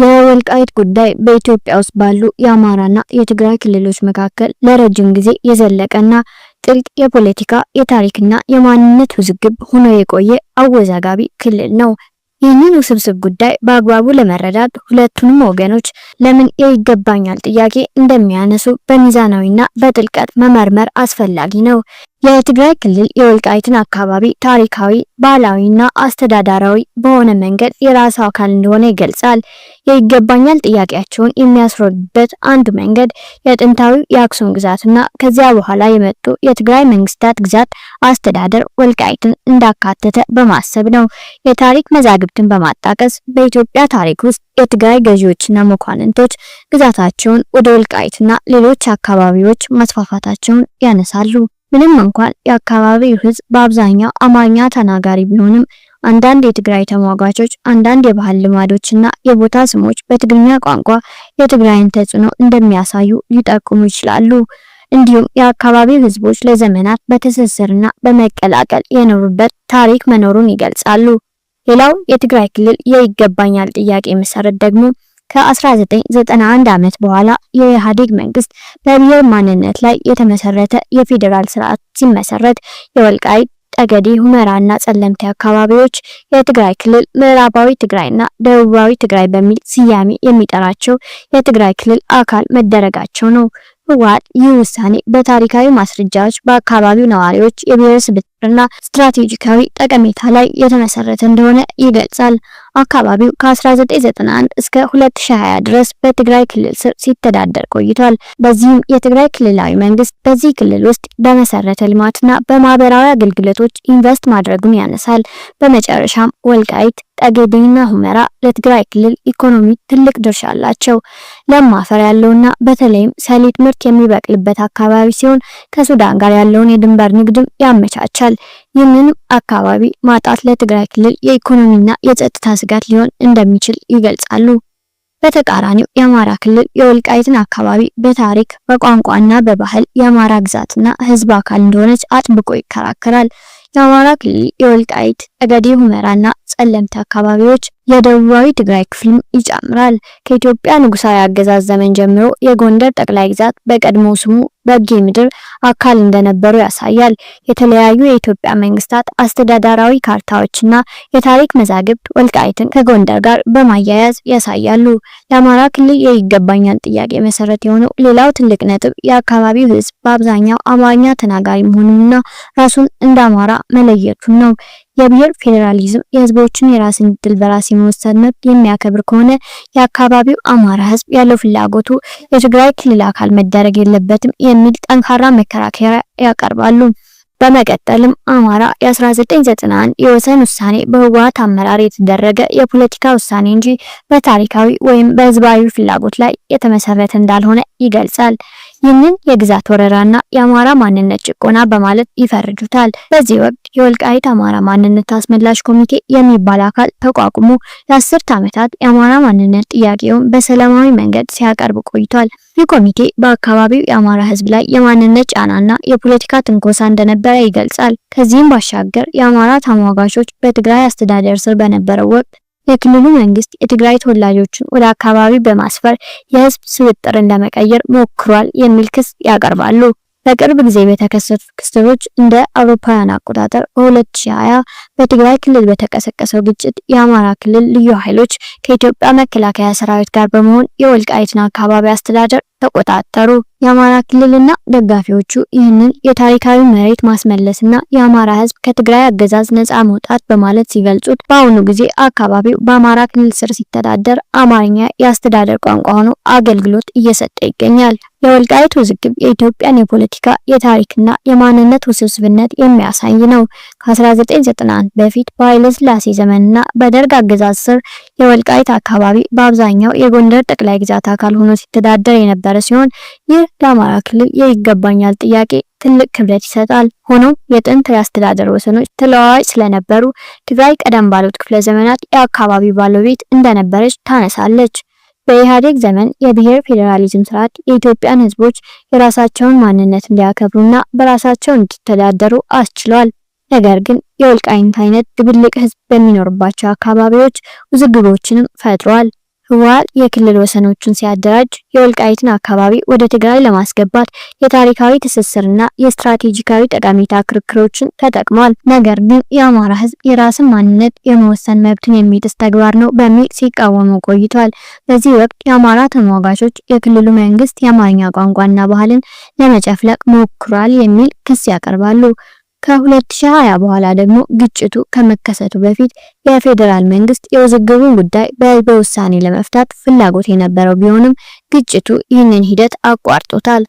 የወልቃይት ጉዳይ በኢትዮጵያ ውስጥ ባሉ የአማራና የትግራይ ክልሎች መካከል ለረጅም ጊዜ የዘለቀና ጥልቅ የፖለቲካ የታሪክና የማንነት ውዝግብ ሆኖ የቆየ አወዛጋቢ ክልል ነው። ይህንን ውስብስብ ጉዳይ በአግባቡ ለመረዳት ሁለቱንም ወገኖች ለምን የይገባኛል ጥያቄ እንደሚያነሱ በሚዛናዊና በጥልቀት መመርመር አስፈላጊ ነው። የትግራይ ክልል የወልቃይትን አካባቢ ታሪካዊ፣ ባህላዊና አስተዳዳራዊ በሆነ መንገድ የራሱ አካል እንደሆነ ይገልጻል። የይገባኛል ጥያቄያቸውን የሚያስረዱበት አንዱ መንገድ የጥንታዊ የአክሱም ግዛትና ከዚያ በኋላ የመጡ የትግራይ መንግስታት ግዛት አስተዳደር ወልቃይትን እንዳካተተ በማሰብ ነው። የታሪክ መዛግብትን በማጣቀስ በኢትዮጵያ ታሪክ ውስጥ የትግራይ ገዢዎችና መኳንንቶች ግዛታቸውን ወደ ወልቃይትና ሌሎች አካባቢዎች ማስፋፋታቸውን ያነሳሉ። ምንም እንኳን የአካባቢው ህዝብ በአብዛኛው አማርኛ ተናጋሪ ቢሆንም አንዳንድ የትግራይ ተሟጋቾች አንዳንድ የባህል ልማዶችና የቦታ ስሞች በትግርኛ ቋንቋ የትግራይን ተጽዕኖ እንደሚያሳዩ ሊጠቁሙ ይችላሉ። እንዲሁም የአካባቢው ህዝቦች ለዘመናት በትስስርና በመቀላቀል የኖሩበት ታሪክ መኖሩን ይገልጻሉ። ሌላው የትግራይ ክልል የይገባኛል ጥያቄ መሰረት ደግሞ ከ1991 ዓመት በኋላ የኢህአዴግ መንግስት በብሔር ማንነት ላይ የተመሰረተ የፌዴራል ስርዓት ሲመሰረት የወልቃይት ጠገዴ፣ ሁመራና ጸለምቴ አካባቢዎች የትግራይ ክልል፣ ምዕራባዊ ትግራይና ደቡባዊ ትግራይ በሚል ስያሜ የሚጠራቸው የትግራይ ክልል አካል መደረጋቸው ነው። ህወሓት ይህ ውሳኔ በታሪካዊ ማስረጃዎች፣ በአካባቢው ነዋሪዎች የብሔረሰብ ብትርና ስትራቴጂካዊ ጠቀሜታ ላይ የተመሰረተ እንደሆነ ይገልጻል። አካባቢው ከ1991 እስከ 2020 ድረስ በትግራይ ክልል ስር ሲተዳደር ቆይቷል። በዚህም የትግራይ ክልላዊ መንግስት በዚህ ክልል ውስጥ በመሰረተ ልማትና በማህበራዊ አገልግሎቶች ኢንቨስት ማድረጉን ያነሳል። በመጨረሻም ወልቃይት ጠገዴና ሁመራ ለትግራይ ክልል ኢኮኖሚ ትልቅ ድርሻ አላቸው። ለም አፈር ያለውና በተለይም ሰሊጥ ምርት የሚበቅልበት አካባቢ ሲሆን ከሱዳን ጋር ያለውን የድንበር ንግድም ያመቻቻል። ይህንንም አካባቢ ማጣት ለትግራይ ክልል የኢኮኖሚና የጸጥታ ስጋት ሊሆን እንደሚችል ይገልጻሉ። በተቃራኒው የአማራ ክልል የወልቃይትን አካባቢ በታሪክ በቋንቋና በባህል የአማራ ግዛትና ሕዝብ አካል እንደሆነች አጥብቆ ይከራከራል። የአማራ ክልል የወልቃይት ጠገዴ ሁመራና ጠለምት አካባቢዎች የደቡባዊ ትግራይ ክፍልም ይጨምራል። ከኢትዮጵያ ንጉሳዊ አገዛዝ ዘመን ጀምሮ የጎንደር ጠቅላይ ግዛት በቀድሞ ስሙ በጌ ምድር አካል እንደነበሩ ያሳያል። የተለያዩ የኢትዮጵያ መንግስታት አስተዳዳራዊ ካርታዎችና የታሪክ መዛግብት ወልቃይትን ከጎንደር ጋር በማያያዝ ያሳያሉ። ለአማራ ክልል የይገባኛል ጥያቄ መሰረት የሆነው ሌላው ትልቅ ነጥብ የአካባቢው ሕዝብ በአብዛኛው አማርኛ ተናጋሪ መሆኑንና ራሱን እንደ አማራ መለየቱን ነው። የብሔር ፌዴራሊዝም የህዝቦችን የራስን ድል በራስ የመወሰን መብት የሚያከብር ከሆነ የአካባቢው አማራ ህዝብ ያለው ፍላጎቱ የትግራይ ክልል አካል መደረግ የለበትም የሚል ጠንካራ መከራከሪያ ያቀርባሉ። በመቀጠልም አማራ የ1991 የወሰን ውሳኔ በህወሓት አመራር የተደረገ የፖለቲካ ውሳኔ እንጂ በታሪካዊ ወይም በህዝባዊ ፍላጎት ላይ የተመሰረተ እንዳልሆነ ይገልጻል። ይህንን የግዛት ወረራና የአማራ ማንነት ጭቆና በማለት ይፈርጁታል። በዚህ ወቅት የወልቃይት አማራ ማንነት አስመላሽ ኮሚቴ የሚባል አካል ተቋቁሞ ለአስርት ዓመታት የአማራ ማንነት ጥያቄውን በሰላማዊ መንገድ ሲያቀርብ ቆይቷል። ይህ ኮሚቴ በአካባቢው የአማራ ሕዝብ ላይ የማንነት ጫናና የፖለቲካ ትንኮሳ እንደነበረ ይገልጻል። ከዚህም ባሻገር የአማራ ተሟጋቾች በትግራይ አስተዳደር ስር በነበረው ወቅት የክልሉ መንግስት የትግራይ ተወላጆችን ወደ አካባቢ በማስፈር የህዝብ ስብጥርን ለመቀየር ሞክሯል የሚል ክስ ያቀርባሉ። በቅርብ ጊዜ የተከሰቱ ክስተቶች እንደ አውሮፓውያን አቆጣጠር በ2020 በትግራይ ክልል በተቀሰቀሰው ግጭት የአማራ ክልል ልዩ ኃይሎች ከኢትዮጵያ መከላከያ ሰራዊት ጋር በመሆን የወልቃይትን አካባቢ አስተዳደር ተቆጣጠሩ። የአማራ ክልልና ደጋፊዎቹ ይህንን የታሪካዊ መሬት ማስመለስና የአማራ ሕዝብ ከትግራይ አገዛዝ ነጻ መውጣት በማለት ሲገልጹት፣ በአሁኑ ጊዜ አካባቢው በአማራ ክልል ስር ሲተዳደር አማርኛ የአስተዳደር ቋንቋ ሆኖ አገልግሎት እየሰጠ ይገኛል። የወልቃይት ውዝግብ የኢትዮጵያን የፖለቲካ የታሪክና የማንነት ውስብስብነት የሚያሳይ ነው። ከ1991 በፊት በኃይለሥላሴ ዘመንና በደርግ አገዛዝ ስር የወልቃይት አካባቢ በአብዛኛው የጎንደር ጠቅላይ ግዛት አካል ሆኖ ሲተዳደር የነበረ የተፈጠረ ሲሆን ይህ ለአማራ ክልል የይገባኛል ጥያቄ ትልቅ ክብደት ይሰጣል። ሆኖም የጥንት የአስተዳደር ወሰኖች ተለዋዋጭ ስለነበሩ ትግራይ ቀደም ባሉት ክፍለ ዘመናት የአካባቢ ባለቤት እንደነበረች ታነሳለች። በኢህአዴግ ዘመን የብሔር ፌዴራሊዝም ስርዓት የኢትዮጵያን ህዝቦች የራሳቸውን ማንነት እንዲያከብሩና በራሳቸው እንዲተዳደሩ አስችሏል። ነገር ግን የወልቃይት አይነት ድብልቅ ህዝብ በሚኖርባቸው አካባቢዎች ውዝግቦችንም ፈጥሯል። ህወሓት የክልል ወሰኖቹን ሲያደራጅ የወልቃይትን አካባቢ ወደ ትግራይ ለማስገባት የታሪካዊ ትስስርና የስትራቴጂካዊ ጠቀሜታ ክርክሮችን ተጠቅሟል። ነገር ግን የአማራ ህዝብ የራስን ማንነት የመወሰን መብትን የሚጥስ ተግባር ነው በሚል ሲቃወሙ ቆይቷል። በዚህ ወቅት የአማራ ተሟጋቾች የክልሉ መንግስት የአማርኛ ቋንቋና ባህልን ለመጨፍለቅ ሞክሯል የሚል ክስ ያቀርባሉ። ከ2020 በኋላ ደግሞ ግጭቱ ከመከሰቱ በፊት የፌዴራል መንግስት የውዝግቡን ጉዳይ በህዝበ ውሳኔ ለመፍታት ፍላጎት የነበረው ቢሆንም ግጭቱ ይህንን ሂደት አቋርጦታል።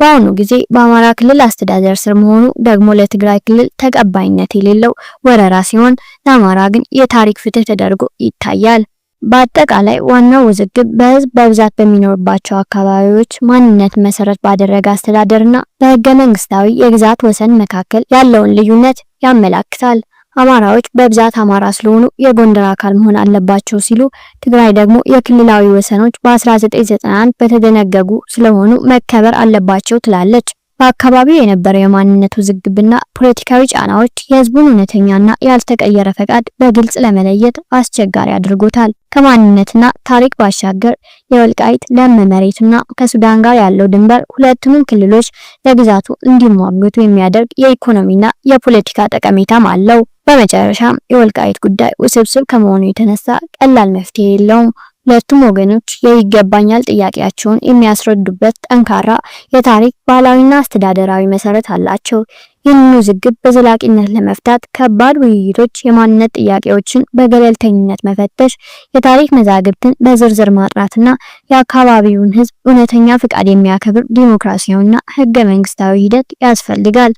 በአሁኑ ጊዜ በአማራ ክልል አስተዳደር ስር መሆኑ ደግሞ ለትግራይ ክልል ተቀባይነት የሌለው ወረራ ሲሆን፣ ለአማራ ግን የታሪክ ፍትህ ተደርጎ ይታያል። በአጠቃላይ ዋናው ውዝግብ በህዝብ በብዛት በሚኖርባቸው አካባቢዎች ማንነት መሰረት ባደረገ አስተዳደርና በህገ መንግስታዊ የግዛት ወሰን መካከል ያለውን ልዩነት ያመላክታል። አማራዎች በብዛት አማራ ስለሆኑ የጎንደር አካል መሆን አለባቸው ሲሉ፣ ትግራይ ደግሞ የክልላዊ ወሰኖች በ1991 በተደነገጉ ስለሆኑ መከበር አለባቸው ትላለች። በአካባቢው የነበረው የማንነት ውዝግብና ፖለቲካዊ ጫናዎች የህዝቡን እውነተኛና ያልተቀየረ ፈቃድ በግልጽ ለመለየት አስቸጋሪ አድርጎታል። ከማንነትና ታሪክ ባሻገር የወልቃይት ለም መሬትና ከሱዳን ጋር ያለው ድንበር ሁለቱንም ክልሎች ለግዛቱ እንዲሟገቱ የሚያደርግ የኢኮኖሚና የፖለቲካ ጠቀሜታም አለው። በመጨረሻም የወልቃይት ጉዳይ ውስብስብ ከመሆኑ የተነሳ ቀላል መፍትሄ የለውም። ሁለቱም ወገኖች የይገባኛል ጥያቄያቸውን የሚያስረዱበት ጠንካራ የታሪክ ባህላዊና አስተዳደራዊ መሰረት አላቸው። ይህንን ውዝግብ በዘላቂነት ለመፍታት ከባድ ውይይቶች፣ የማንነት ጥያቄዎችን በገለልተኝነት መፈተሽ፣ የታሪክ መዛግብትን በዝርዝር ማጥናትና የአካባቢውን ሕዝብ እውነተኛ ፍቃድ የሚያከብር ዲሞክራሲያዊና ሕገ መንግስታዊ ሂደት ያስፈልጋል።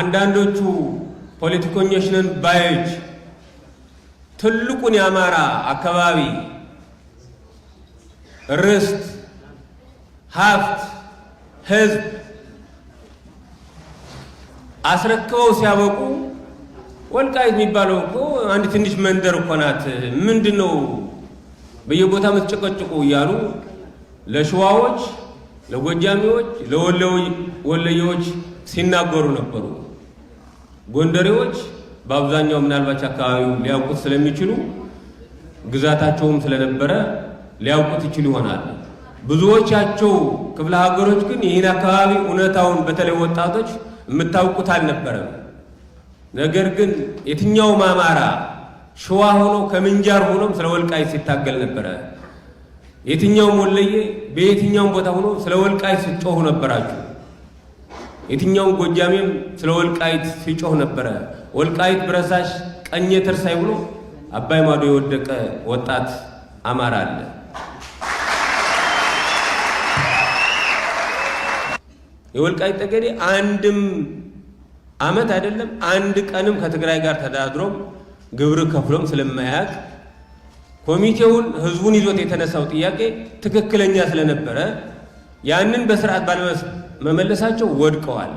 አንዳንዶቹ ፖለቲከኞች ነን ባዮች ትልቁን የአማራ አካባቢ ርስት፣ ሀብት፣ ህዝብ አስረክበው ሲያበቁ ወልቃይት የሚባለው እኮ አንድ ትንሽ መንደር እኮ ናት። ምንድን ነው በየቦታ የምትጨቀጭቁ እያሉ ለሸዋዎች፣ ለጎጃሚዎች፣ ለወለየዎች ሲናገሩ ነበሩ። ጎንደሬዎች በአብዛኛው ምናልባት አካባቢው ሊያውቁት ስለሚችሉ ግዛታቸውም ስለነበረ ሊያውቁት ይችሉ ይሆናል። ብዙዎቻቸው ክፍለ ሀገሮች ግን ይህን አካባቢ እውነታውን በተለይ ወጣቶች የምታውቁት አልነበረም። ነገር ግን የትኛውም አማራ ሸዋ ሆኖ ከምንጃር ሆኖም ስለ ወልቃይት ሲታገል ነበረ። የትኛውም ወለዬ በየትኛውም ቦታ ሆኖ ስለ ወልቃይት ሲጮሁ ነበራችሁ። የትኛውም ጎጃሜም ስለ ወልቃይት ሲጮህ ነበረ። ወልቃይት ብረሳሽ ቀኜ ትርሳይ ብሎ አባይ ማዶ የወደቀ ወጣት አማራ አለ። የወልቃይ ጠገዴ አንድም አመት አይደለም አንድ ቀንም ከትግራይ ጋር ተዳድሮም ግብር ከፍሎም ስለማያውቅ ኮሚቴውን ህዝቡን ይዞት የተነሳው ጥያቄ ትክክለኛ ስለነበረ ያንን በስርዓት ባለመመለሳቸው ወድቀዋል።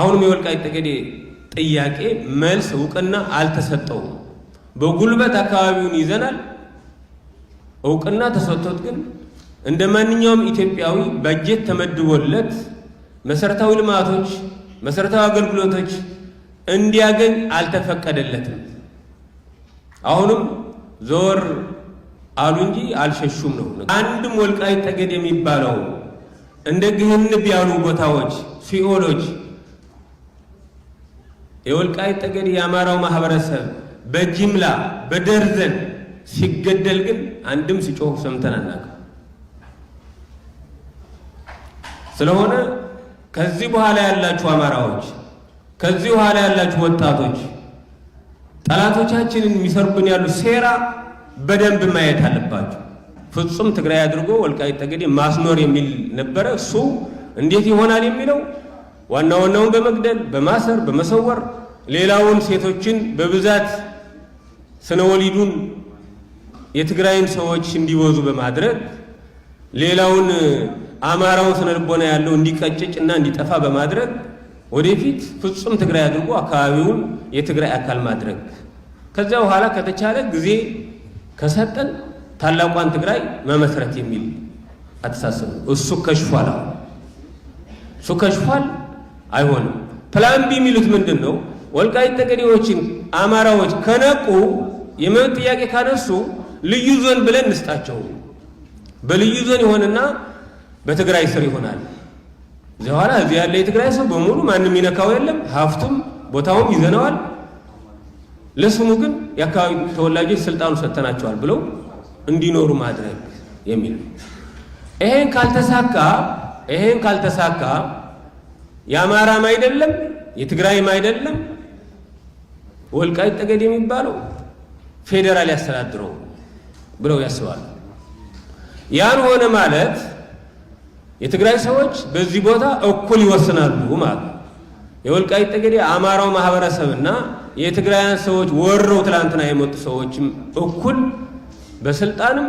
አሁንም የወልቃይ ጠገዴ ጥያቄ መልስ እውቅና አልተሰጠውም። በጉልበት አካባቢውን ይዘናል። እውቅና ተሰጥቶት ግን እንደ ማንኛውም ኢትዮጵያዊ በጀት ተመድቦለት መሰረታዊ ልማቶች፣ መሰረታዊ አገልግሎቶች እንዲያገኝ አልተፈቀደለትም። አሁንም ዞር አሉ እንጂ አልሸሹም ነው። አንድም ወልቃይት ጠገድ የሚባለው እንደ ግህንብ ያሉ ቦታዎች ሲኦሎች የወልቃይት ጠገድ የአማራው ማህበረሰብ በጅምላ በደርዘን ሲገደል ግን አንድም ሲጮህ ሰምተን አናውቅም። ስለሆነ ከዚህ በኋላ ያላችሁ አማራዎች፣ ከዚህ በኋላ ያላችሁ ወጣቶች ጠላቶቻችንን የሚሰርቡን ያሉ ሴራ በደንብ ማየት አለባችሁ። ፍጹም ትግራይ አድርጎ ወልቃይት ጠገዴ ማስኖር የሚል ነበረ። እሱ እንዴት ይሆናል የሚለው ዋና ዋናውን በመግደል በማሰር በመሰወር ሌላውን ሴቶችን በብዛት ስነወሊዱን የትግራይን ሰዎች እንዲበዙ በማድረግ ሌላውን አማራው ስነ ልቦና ያለው እንዲቀጭጭና እንዲጠፋ በማድረግ ወደፊት ፍጹም ትግራይ አድርጎ አካባቢውን የትግራይ አካል ማድረግ ከዚያ በኋላ ከተቻለ ጊዜ ከሰጠን ታላቋን ትግራይ መመስረት የሚል አተሳሰብ እሱ ከሽፏል። እሱ ከሽፏል፣ አይሆንም። ፕላን ቢ የሚሉት ምንድን ነው? ወልቃይት ጠገዴዎችን አማራዎች ከነቁ የመብት ጥያቄ ካነሱ ልዩ ዞን ብለን እንስጣቸው። በልዩ ዞን የሆነና በትግራይ ስር ይሆናል። እዚያ ኋላ እዚህ ያለ የትግራይ ሰው በሙሉ ማንም ይነካው የለም። ሀብቱም ቦታውም ይዘነዋል። ለስሙ ግን የአካባቢ ተወላጆች ስልጣኑ ሰጥተናቸዋል ብለው እንዲኖሩ ማድረግ የሚል ይሄን ካልተሳካ ይሄን ካልተሳካ የአማራም አይደለም የትግራይም አይደለም ወልቃይት ጠገድ የሚባለው ፌዴራል ያስተዳድረው ብለው ያስባሉ። ያን ሆነ ማለት የትግራይ ሰዎች በዚህ ቦታ እኩል ይወስናሉ ማለት ነው። የወልቃይት ጠገዴ አማራው ማህበረሰብና የትግራያን ሰዎች ወረው ትላንትና የመጡ ሰዎችም እኩል በስልጣንም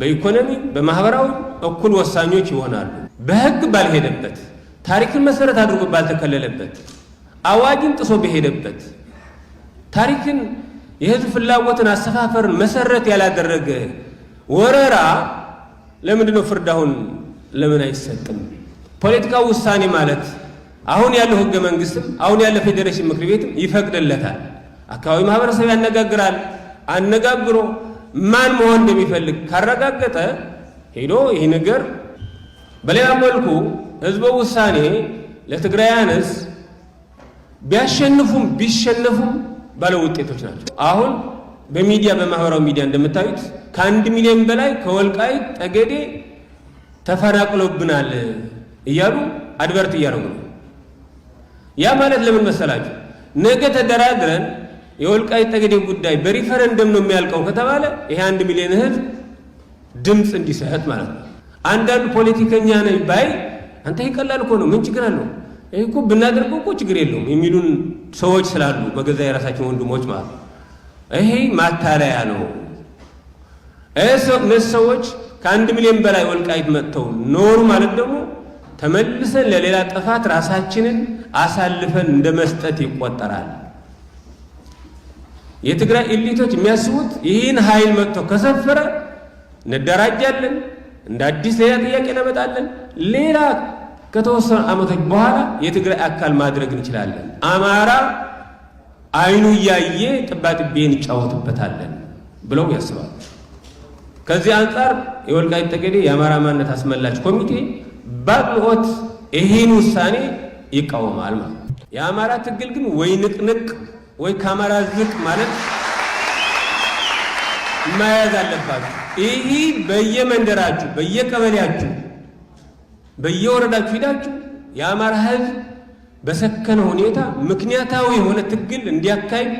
በኢኮኖሚ በማህበራዊ እኩል ወሳኞች ይሆናሉ። በህግ ባልሄደበት ታሪክን መሰረት አድርጎ ባልተከለለበት አዋጅን ጥሶ በሄደበት ታሪክን የህዝብ ፍላጎትን አሰፋፈርን መሰረት ያላደረገ ወረራ ለምንድነው ፍርድ አሁን ለምን አይሰጥም? ፖለቲካ ውሳኔ ማለት አሁን ያለው ህገ መንግስትም አሁን ያለ ፌዴሬሽን ምክር ቤትም ይፈቅድለታል። አካባቢ ማህበረሰብ ያነጋግራል። አነጋግሮ ማን መሆን እንደሚፈልግ ካረጋገጠ ሄዶ ይህ ነገር በሌላ መልኩ ህዝበ ውሳኔ ለትግራይ ለትግራያንስ ቢያሸንፉም ቢሸነፉም ባለ ውጤቶች ናቸው። አሁን በሚዲያ በማህበራዊ ሚዲያ እንደምታዩት ከአንድ ሚሊዮን በላይ ከወልቃይ ጠገዴ ተፈናቅሎብናል እያሉ አድቨርት እያደረጉ ነው። ያ ማለት ለምን መሰላችሁ? ነገ ተደራድረን የወልቃይት ጠገዴ ጉዳይ በሪፈረንደም ነው የሚያልቀው ከተባለ ይሄ አንድ ሚሊዮን ህዝብ ድምፅ እንዲሰጥ ማለት ነው። አንዳንዱ ፖለቲከኛ ነኝ ባይ አንተ ይቀላል እኮ ነው ምን ችግር አለው ይህ እኮ ብናደርገው እኮ ችግር የለውም የሚሉን ሰዎች ስላሉ በገዛ የራሳችን ወንድሞች ማለት ነው። ይሄ ማታለያ ነው። ሰዎች ከአንድ ሚሊዮን በላይ ወልቃይት መጥተው ኖሩ ማለት ደግሞ ተመልሰን ለሌላ ጥፋት ራሳችንን አሳልፈን እንደ መስጠት ይቆጠራል። የትግራይ ኤሊቶች የሚያስቡት ይህን ኃይል መጥቶ ከሰፈረ እንደራጃለን፣ እንደ አዲስ ሌላ ጥያቄ እናመጣለን፣ ሌላ ከተወሰኑ ዓመቶች በኋላ የትግራይ አካል ማድረግ እንችላለን፣ አማራ አይኑ እያየ ጥባጥቤን እንጫወትበታለን ብለው ያስባሉ። ከዚህ አንጻር የወልቃይት ጠገዴ የአማራ ማንነት አስመላች ኮሚቴ በአቅልሆት ይህን ውሳኔ ይቃወማል ማለት የአማራ ትግል ግን ወይ ንቅንቅ ወይ ከአማራ ዝቅ ማለት መያዝ አለባችሁ። ይህ በየመንደራችሁ፣ በየቀበሌያችሁ፣ በየወረዳችሁ ሂዳችሁ የአማራ ሕዝብ በሰከነ ሁኔታ ምክንያታዊ የሆነ ትግል እንዲያካሂድ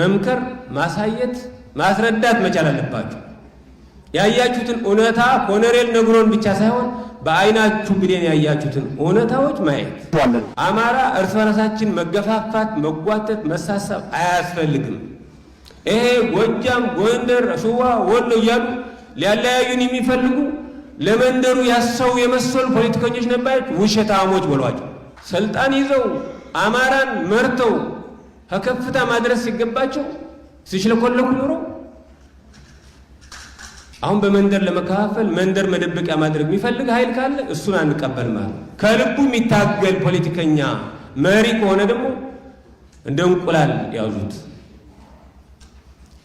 መምከር፣ ማሳየት፣ ማስረዳት መቻል አለባችሁ። ያያችሁትን እውነታ ኮነሬል ነግሮን ብቻ ሳይሆን በአይናችሁ ብሌን ያያችሁትን እውነታዎች ማየት። አማራ እርስ በርሳችን መገፋፋት፣ መጓተት፣ መሳሰብ አያስፈልግም። ይሄ ጎጃም፣ ጎንደር፣ ሸዋ፣ ወሎ እያሉ ሊያለያዩን የሚፈልጉ ለመንደሩ ያሰው የመሰሉ ፖለቲከኞች ነባዮች ውሸታሞች በሏቸው። ስልጣን ይዘው አማራን መርተው ከከፍታ ማድረስ ሲገባቸው ሲሽለኮለኩ ኖረው አሁን በመንደር ለመከፋፈል መንደር መደበቂያ ማድረግ የሚፈልግ ኃይል ካለ እሱን አንቀበል ማለት ከልቡ የሚታገል ፖለቲከኛ መሪ ከሆነ ደግሞ እንደ እንቁላል ያዙት።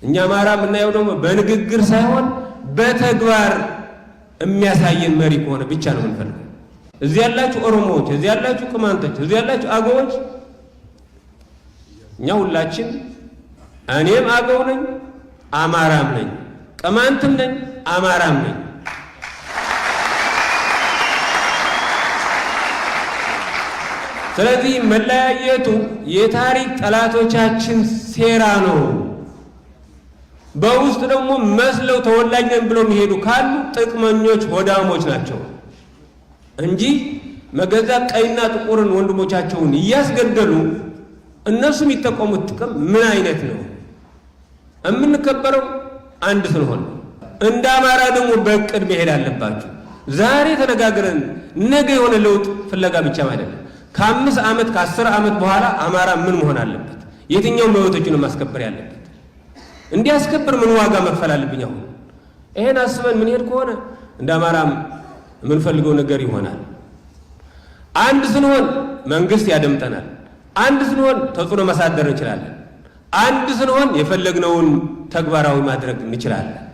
እኛ አማራ የምናየው ደግሞ በንግግር ሳይሆን በተግባር የሚያሳየን መሪ ከሆነ ብቻ ነው የምንፈልገው። እዚህ ያላችሁ ኦሮሞዎች፣ እዚህ ያላችሁ ቅማንቶች፣ እዚህ ያላችሁ አገዎች፣ እኛ ሁላችን እኔም አገው ነኝ፣ አማራም ነኝ፣ ቅማንትም ነኝ አማራም ነኝ። ስለዚህ መለያየቱ የታሪክ ጠላቶቻችን ሴራ ነው። በውስጥ ደግሞ መስለው ተወላጅ ነን ብለው የሚሄዱ ካሉ ጥቅመኞች ሆዳሞች ናቸው እንጂ መገዛት ቀይና ጥቁርን ወንድሞቻቸውን እያስገደሉ እነሱ የሚጠቀሙት ጥቅም ምን አይነት ነው? የምንከበረው አንድ ስለሆነ እንደ አማራ ደግሞ በእቅድ መሄድ አለባችሁ። ዛሬ ተነጋግረን ነገ የሆነ ለውጥ ፍለጋ ብቻም አይደለም። ከአምስት ዓመት ከአስር ዓመት በኋላ አማራ ምን መሆን አለበት? የትኛውን መብቶችን ማስከበር ያለበት እንዲያስከብር ምን ዋጋ መክፈል አለብኝ? አሁን ይሄን አስበን ምን ሄድ ከሆነ እንደ አማራም የምንፈልገው ነገር ይሆናል። አንድ ስንሆን መንግስት ያደምጠናል። አንድ ስንሆን ተጽዕኖ ማሳደር እንችላለን። አንድ ስንሆን የፈለግነውን ተግባራዊ ማድረግ እንችላለን።